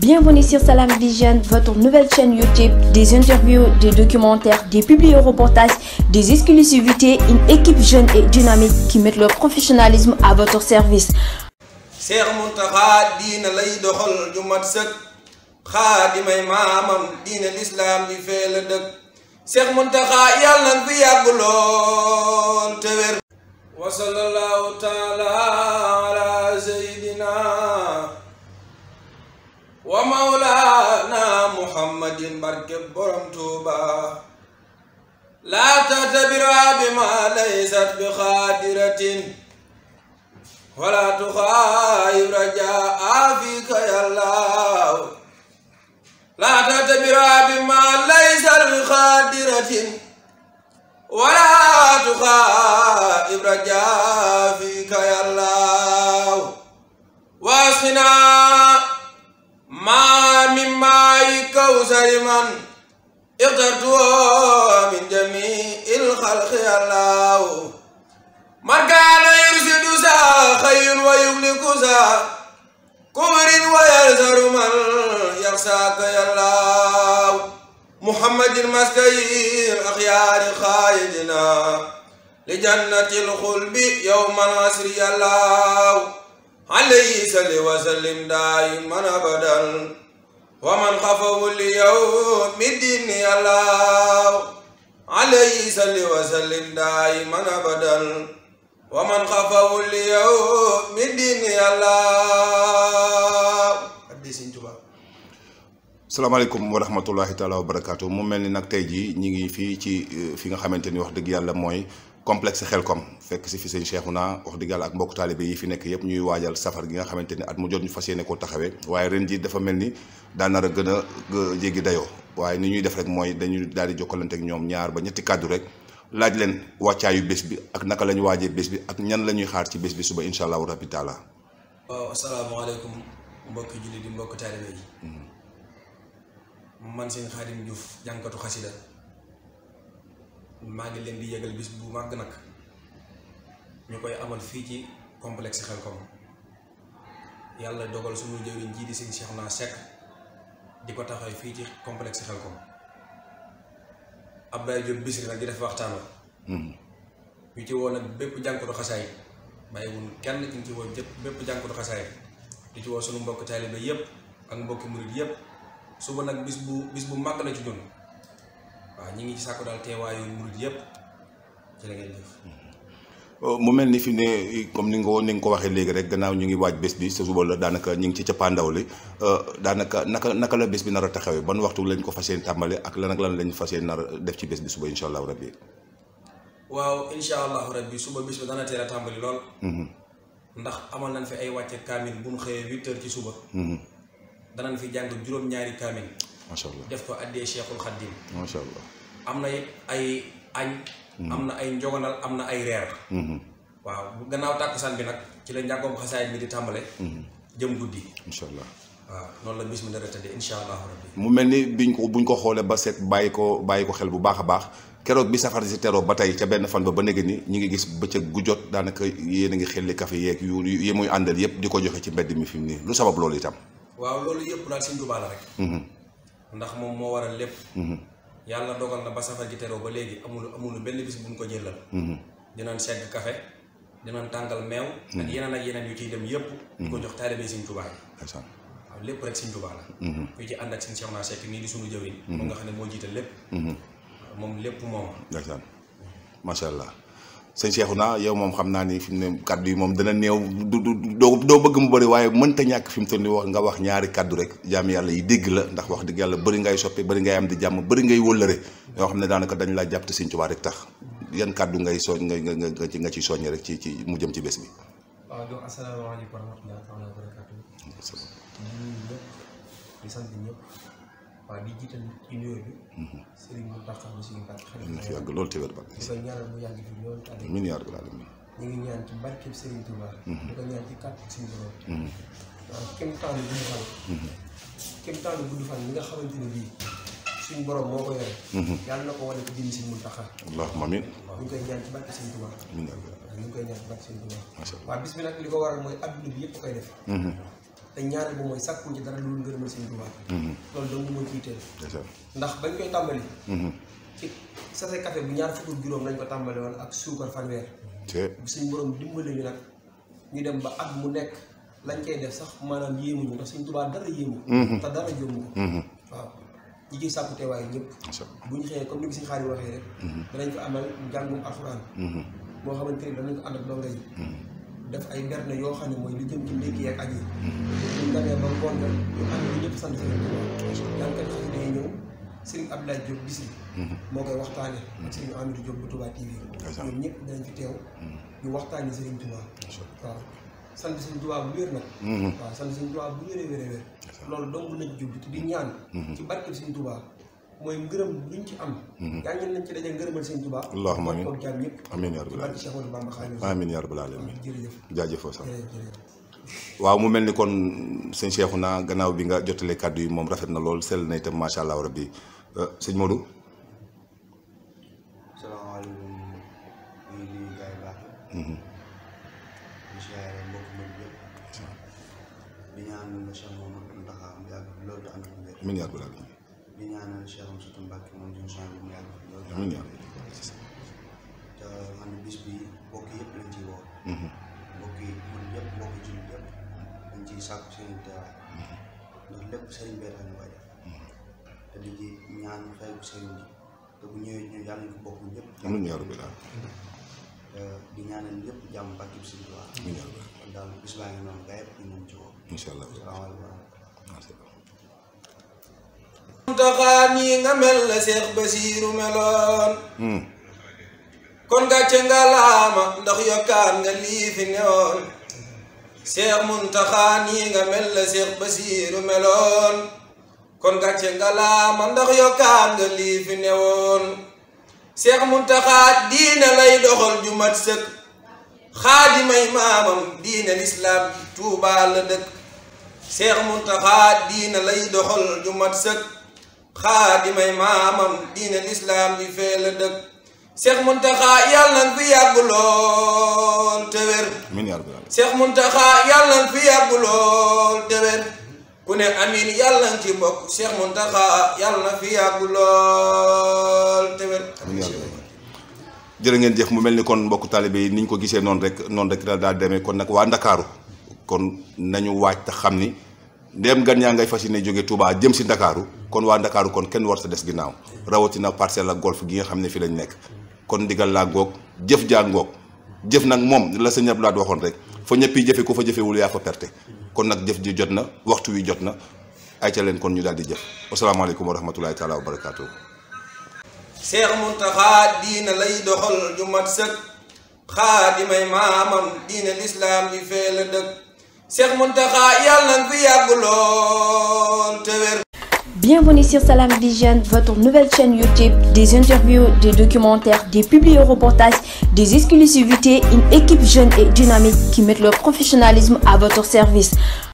Bienvenue sur Salam Vision, votre nouvelle chaîne YouTube, des interviews, des documentaires, des publi-reportages, des exclusivités, une équipe jeune et dynamique qui met leur professionnalisme à votre service. Cheikh Mountakha diina lay doxal ju mat sëkk xaadimay maamam diina lislaam bi fee la mawlaana muhammadin barke borom tuuba laa tatabira bi ma laysat bi xaadiratin wala tuxaayib rajaa fika yàllaaw laa tatabira bi ma laysat bi xaadiratin wala tuxaayib rajaa fika yàllaaw wasina ما من ماء كوثر من اقترته من جميع الخلق الله من كان يرشد ذا خير ويملك ذا كبر ويزر من يخشاك يا الله محمد المسكي أخيار خالدنا لجنة الخلد يوم العصر يا الله عليه صل وسلم دائما أبدا ومن خافه اليوم الدين الله عليه صل وسلم دائما أبدا ومن خافه اليوم الدين الله salaamaaleykum wa rahmatullahi taala wa barakaatu mu mel ni nag tey jii ñi ngi fii ci fi nga xamante ni wax dëgg yàlla mooy xel Xelkom fekk si fi sëñ Cheikhouna wax dëgg yàlla ak mbokk taalibe yi fi nekk yëpp ñuy waajal safar gi nga xamante ni at mu jot ñu fas yéene ko taxawee waaye ren ji dafa mel ni daanara nar a gën a dayoo waaye ni ñuy def rek mooy dañuy daal di jokkalante ak ñoom ñaar ba ñetti kàddu rek laaj leen wàccaayu bés bi ak naka la ñu waajee bés bi ak ñan la ñuy xaar ci bés bi suba incha allahu rabbi taala. waaw asalaamaaleykum mbokki jullit di mbokk maa ngi leen di yëgal bis bu màgg nag ñu koy amal fii ci complexe Xelcom yàlla dogal suñu jëwriñ ji di sëñ Cheikh naa Seck di ko taxaw fii ci complexe Xelcom Abdoulaye Diop Bichri nag di def waxtaan la hmm. ñu ci woo nag bépp jànkatu xasaay bàyyiwul kenn ñu ci woo jëpp bépp jànkatu xasaay di ci woo suñu mbokk taalibe yépp ak mbokki murit yépp suba nag bis bu bis bu màgg la ci ñun waaw ñu ngi sàkku daal teewaayu murid yëpp jërë euh, mu mel ni fi ne comme ni nga ko ni nga ko waxee léegi rek gannaaw ñu ngi waaj bés bi sa suba la daanaka ñu ngi ci cappaandaw li euh, daanaka naka naka la bés bi nar a taxawee ban waxtu lañ ko fas yéene tàmbale ak lan ak fas yéene nar def ci bés bi suba incha allahu rabbi. waaw incha allahu rabbi suba bés bi dana teel a tàmbali lool. Mm-hmm. ndax amal nañ fi ay wàcce kaamil bu mu xëyee huit ci suba. Mm-hmm. danañ fi jàng juróom-ñaari kaamil. macha allah def ko addee Cheikhul Khadim. macha allah am na ay añ. Mhm. am na ay njogonal am na ay reer. Mhm. waaw gannaaw tàkkusaan bi nag ci la njàngoom xasaayit bi di tàmbale. Mhm. jëm guddi. incha allah waaw noonu la bis mi dara tëddee incha allah rabbi mu mel ni biñ ko buñ ko xoolee ba set bàyyi ko bàyyi ko xel bu baax a baax keroog bi safara si teroo ba tey ca benn fan ba ba nekk ni ñu ngi gis bëccëg gu jot daanaka yéen a ngi xelli kafe yeeg yu yi muy àndal yëpp di ko joxe ci mbedd mi fi lu sabab loolu itam. waaw ndax moom moo waral lépp mhm. yàlla dogal na ba safar gi ba léegi amul amul benn bis bu buñ ko jëlal mhm. dinañ segg kafe dinañ tàngal meew mhm. ak yeneen ak yeneen yu ciy dem yëpp di ko jox taalibe Sëñ Tuubaa yi waaw lépp rek Sëñ Tuubaa la kuy ci ànd ak Sëñ Cheikh Naar Seck nii di suñu jëwin moom nga xam ne moo jiital lépp moom lépp moom macha allah sëñ Cheikhouna yow moom xam naa ni fi mu ne kaddu yi moom dana néew du du doo doo bëgg mu bari waaye mënta ñàkk fi mu toll nii wax nga wax ñaari kaddu rek jaam yàlla yi dégg la ndax wax dëgg yàlla bari ngay soppee bari ngay am di jàmm bari ngay wëllëre yoo xam ne daanaka dañu laa jàpp te sëñ Tuubaa rek tax yan kàddu ngay sooñ nga nga nga ci nga ciy soññ rek ci ci mu jëm ci bés bi. waaw donc waaw di jiital ci nuyoo bi. Mhm. Serigne Mountakha Bassirou Mbacké. xarit na fi yàgg loolu te wér ba. di ko ñaanal mu yàgg fi loolu. amiin yaa rabbal aalamiin. ñu ngi ñaan ci barkeeb Serigne Touba. Mhm. di ko ñaan ci kàttu Serigne Touba. Mhm. waaw kéem taanu gudd fan. kéem taanu gudd fan mi nga xamante ne bii suñu borom moo ko yore. yàlla na ko wane si Mountakha. koy ñaan ci barkeeb Serigne Touba. amiin yaa rabbal aalamiin bi nag ko waral mooy adduna bi yëpp koy def. te ñaareel ba mooy sàkkuñ ci dara loolu ngërëmal seen Tuubaa mhm. loolu dong moo ciy teel ndax bañ koy tàmbali mhm. ci sase café bu ñaar fukk juróom lañ ko tàmbali woon ak suukar fanweer bu suñ borom dimbali ñu nag ñu dem ba at mu nekk lañ cay def sax maanaam yéemuñu ndax suñ Tuubaa dara yéemu mhm. te dara jómb ko waaw ñi ciy sàkku teewaay ñëpp bu ñu xëyee comme ni suñu xaar yi waxee rek danañ ko amal njàngum alxuraan moo xamante ni danañ ko ànd ak donga yi def ay berne yoo xam ne mooy li jëm ci ndékki ak aji ñu demee ba ngoon rek ñu am ñu ñëpp sant Sëriñ Tuubaa jàngkat xasi day ñëw Sëriñ Abdoulaye Diop Bichri mm-hmm. moo koy waxtaane ak Sëriñ mm-hmm. Amidou Diop bu Touba TV ñoom ñëpp danañ fi teew mm-hmm. ñu waxtaane Sëriñ Tuubaa waaw bu wér nag waaw sant wér loolu dong nañ jublu te di ñaan ci barke Sëriñ Tuubaa mooy ngërëm luñ ci am. Mhm. yàlla nañ ci daje ngërëmal sëñ Tuubaa. sax. waaw mu mel ni kon sëñ naa gannaaw bi nga jotalee kàddu yi moom rafet na lool sell na itam macha allah rabbi euh, sëñ Modou. salaamaaleykum ñu ngi nuyu gars yi baax na. monsieur mhm. mbokk mi ñëpp. di ñaan monsieur Momadou Ndaxa mu loolu am na. amiin yaa rabbal aalamiin di ñaanal Cheikh Moussa Mbacke moom suñu sang bi mu yàgg fi loolu. amiin te man bis bi mbokk yëpp lañ ciy woo. Mhm. mbokk yi man yëpp mbokk ci lu yëpp dañ ciy sàkku seen teewaay. Mhm. ndax lépp sëriñ bee tax ñu koy def. Mhm. te di ci ñaan fay bu sëriñ bi te bu ñëwee ñu yàlla ñu ko bokk ñëpp. amiin yaa rabbi laa. di ñaanal ñëpp jàmm bàkki bi sëriñ Tuubaa. amiin yaa rabbi daal bis baa ngi noonu gaa yëpp ñu ngi ci woo. incha allah. muntaxaa nii nga mel la seex basiiru meloon kon gàcce nga laama ndax yokkaan nga lii fi newoon seex muntaxaa nii nga mel la seex basiiru meloon kon gàcce nga laama ndax yokkaan nga lii fi newoon seex muntaxaa diine lay doxal ju mat sëkk xaadimay maamam diine lislaam tuubaa la dëkk seex muntaxaa diina lay doxal ju mat sëkk xaadimay maamam diine lislaam ji fee la dëkk Cheikh Muntaxa yàlla yàlla na fi yàgg lool te ku ne amiin yàlla na ci mbokk Cheikh Muntaxa yàlla na fi yàgg lool te wér ngeen jëf mu mel ni kon mbokk taalibe yi ni ñu ko gisee noonu rek noonu rek daal daal demee kon nag waa Ndakaaru kon nañu waaj te xam ni ndéem gan ñaa ngay fas yéene jóge Touba jëm si ndakaaru kon waa ndakaaru kon kenn war sa des ginnaaw rawatina parcelle ak golf gi nga xam ne fi lañ nekk kon ndigal laa ngoog jëf jaa ngoog jëf nag moom la sa ñëpp laa waxoon rek fa ñëpp yi jëfe ku fa jëfewul yaa fa perte kon nag jëf ji jot na waxtu wi jot na ay ca leen kon ñu daal di jëf asalaamaaleykum wa rahmatulahi taala wa barakaatu. Cheikh Mountakha diina lay doxal ju mat sëkk xaadimay diina la Cheikh Mountakha yàlla na fi yàgg lool te wér. Bienvenue sur Salam Vision, votre nouvelle chaîne YouTube, des interviews, des documentaires, des publi des exclusivités, une équipe jeune et dynamique qui met leur professionnalisme à votre service.